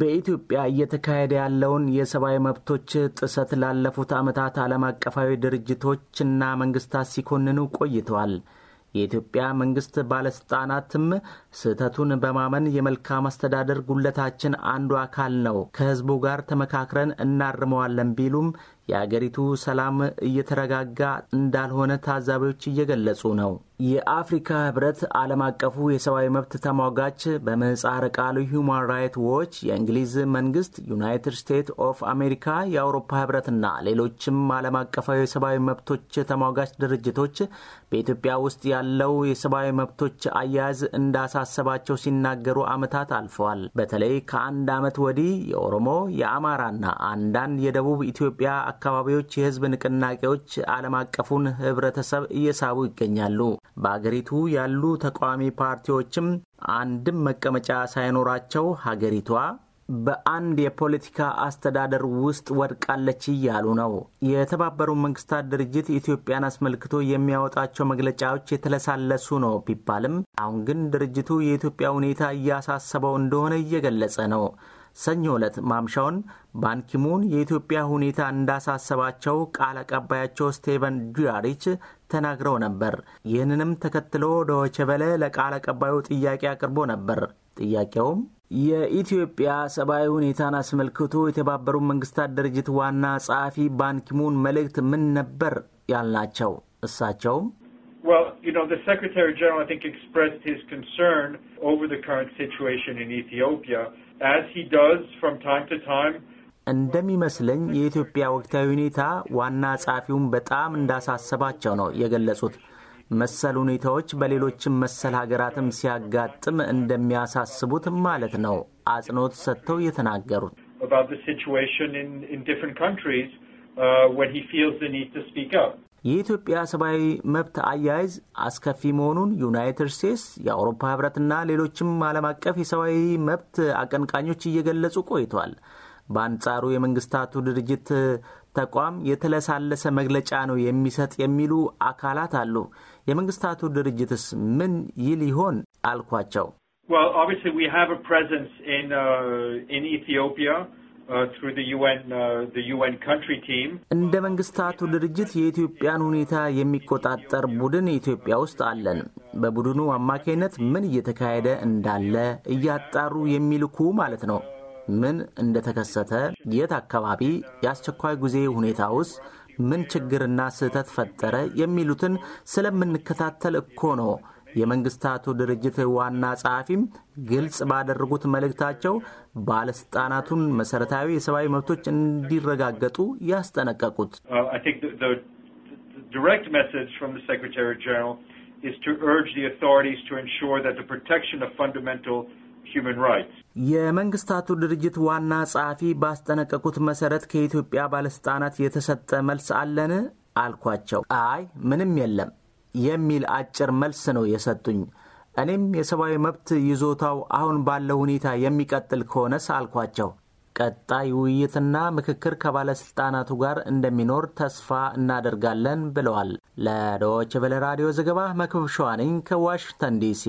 በኢትዮጵያ እየተካሄደ ያለውን የሰብአዊ መብቶች ጥሰት ላለፉት ዓመታት ዓለም አቀፋዊ ድርጅቶችና መንግስታት ሲኮንኑ ቆይተዋል። የኢትዮጵያ መንግስት ባለስልጣናትም ስህተቱን በማመን የመልካም አስተዳደር ጉለታችን አንዱ አካል ነው፣ ከህዝቡ ጋር ተመካክረን እናርመዋለን ቢሉም የአገሪቱ ሰላም እየተረጋጋ እንዳልሆነ ታዛቢዎች እየገለጹ ነው። የአፍሪካ ህብረት ዓለም አቀፉ የሰብአዊ መብት ተሟጋች በምህጻረ ቃሉ ሁማን ራይት ዎች፣ የእንግሊዝ መንግስት፣ ዩናይትድ ስቴትስ ኦፍ አሜሪካ፣ የአውሮፓ ህብረትና ሌሎችም ዓለም አቀፋዊ የሰብአዊ መብቶች ተሟጋች ድርጅቶች በኢትዮጵያ ውስጥ ያለው የሰብአዊ መብቶች አያያዝ እንዳሳሰባቸው ሲናገሩ ዓመታት አልፈዋል። በተለይ ከአንድ ዓመት ወዲህ የኦሮሞ የአማራና አንዳንድ የደቡብ ኢትዮጵያ አካባቢዎች የህዝብ ንቅናቄዎች ዓለም አቀፉን ህብረተሰብ እየሳቡ ይገኛሉ። በአገሪቱ ያሉ ተቃዋሚ ፓርቲዎችም አንድም መቀመጫ ሳይኖራቸው ሀገሪቷ በአንድ የፖለቲካ አስተዳደር ውስጥ ወድቃለች እያሉ ነው። የተባበሩት መንግስታት ድርጅት ኢትዮጵያን አስመልክቶ የሚያወጣቸው መግለጫዎች የተለሳለሱ ነው ቢባልም አሁን ግን ድርጅቱ የኢትዮጵያ ሁኔታ እያሳሰበው እንደሆነ እየገለጸ ነው። ሰኞ ዕለት ማምሻውን ባንኪሙን የኢትዮጵያ ሁኔታ እንዳሳሰባቸው ቃል አቀባያቸው ስቴቨን ጁያሪች ተናግረው ነበር። ይህንንም ተከትሎ ዶቸበለ ለቃል አቀባዩ ጥያቄ አቅርቦ ነበር። ጥያቄውም የኢትዮጵያ ሰብአዊ ሁኔታን አስመልክቶ የተባበሩ መንግስታት ድርጅት ዋና ጸሐፊ ባንኪሙን መልእክት ምን ነበር ያልናቸው። እሳቸውም Secretary General, I think, expressed his concern over the current situation in Ethiopia. እንደሚመስለኝ የኢትዮጵያ ወቅታዊ ሁኔታ ዋና ጸሐፊውን በጣም እንዳሳሰባቸው ነው የገለጹት። መሰል ሁኔታዎች በሌሎችም መሰል ሀገራትም ሲያጋጥም እንደሚያሳስቡት ማለት ነው አጽንኦት ሰጥተው የተናገሩት። የኢትዮጵያ ሰብአዊ መብት አያያዝ አስከፊ መሆኑን ዩናይትድ ስቴትስ፣ የአውሮፓ ህብረትና ሌሎችም ዓለም አቀፍ የሰብአዊ መብት አቀንቃኞች እየገለጹ ቆይተዋል። በአንጻሩ የመንግስታቱ ድርጅት ተቋም የተለሳለሰ መግለጫ ነው የሚሰጥ የሚሉ አካላት አሉ። የመንግስታቱ ድርጅትስ ምን ይል ይሆን አልኳቸው። Well, obviously we have a presence in uh, in Ethiopia. Uh, uh, እንደ መንግስታቱ ድርጅት የኢትዮጵያን ሁኔታ የሚቆጣጠር ቡድን ኢትዮጵያ ውስጥ አለን። በቡድኑ አማካይነት ምን እየተካሄደ እንዳለ እያጣሩ የሚልኩ ማለት ነው። ምን እንደተከሰተ፣ የት አካባቢ፣ የአስቸኳይ ጊዜ ሁኔታ ውስጥ ምን ችግርና ስህተት ፈጠረ የሚሉትን ስለምንከታተል እኮ ነው የመንግስታቱ ድርጅት ዋና ጸሐፊም ግልጽ ባደረጉት መልእክታቸው ባለስልጣናቱን መሰረታዊ የሰብአዊ መብቶች እንዲረጋገጡ ያስጠነቀቁት የመንግስታቱ ድርጅት ዋና ጸሐፊ ባስጠነቀቁት መሰረት ከኢትዮጵያ ባለስልጣናት የተሰጠ መልስ አለን? አልኳቸው። አይ ምንም የለም የሚል አጭር መልስ ነው የሰጡኝ። እኔም የሰብአዊ መብት ይዞታው አሁን ባለው ሁኔታ የሚቀጥል ከሆነ ሳልኳቸው ቀጣይ ውይይትና ምክክር ከባለስልጣናቱ ጋር እንደሚኖር ተስፋ እናደርጋለን ብለዋል። ለዶይቼ ራዲዮ ዘገባ መክብብ ሸዋነኝ ከዋሽንግተን ዲሲ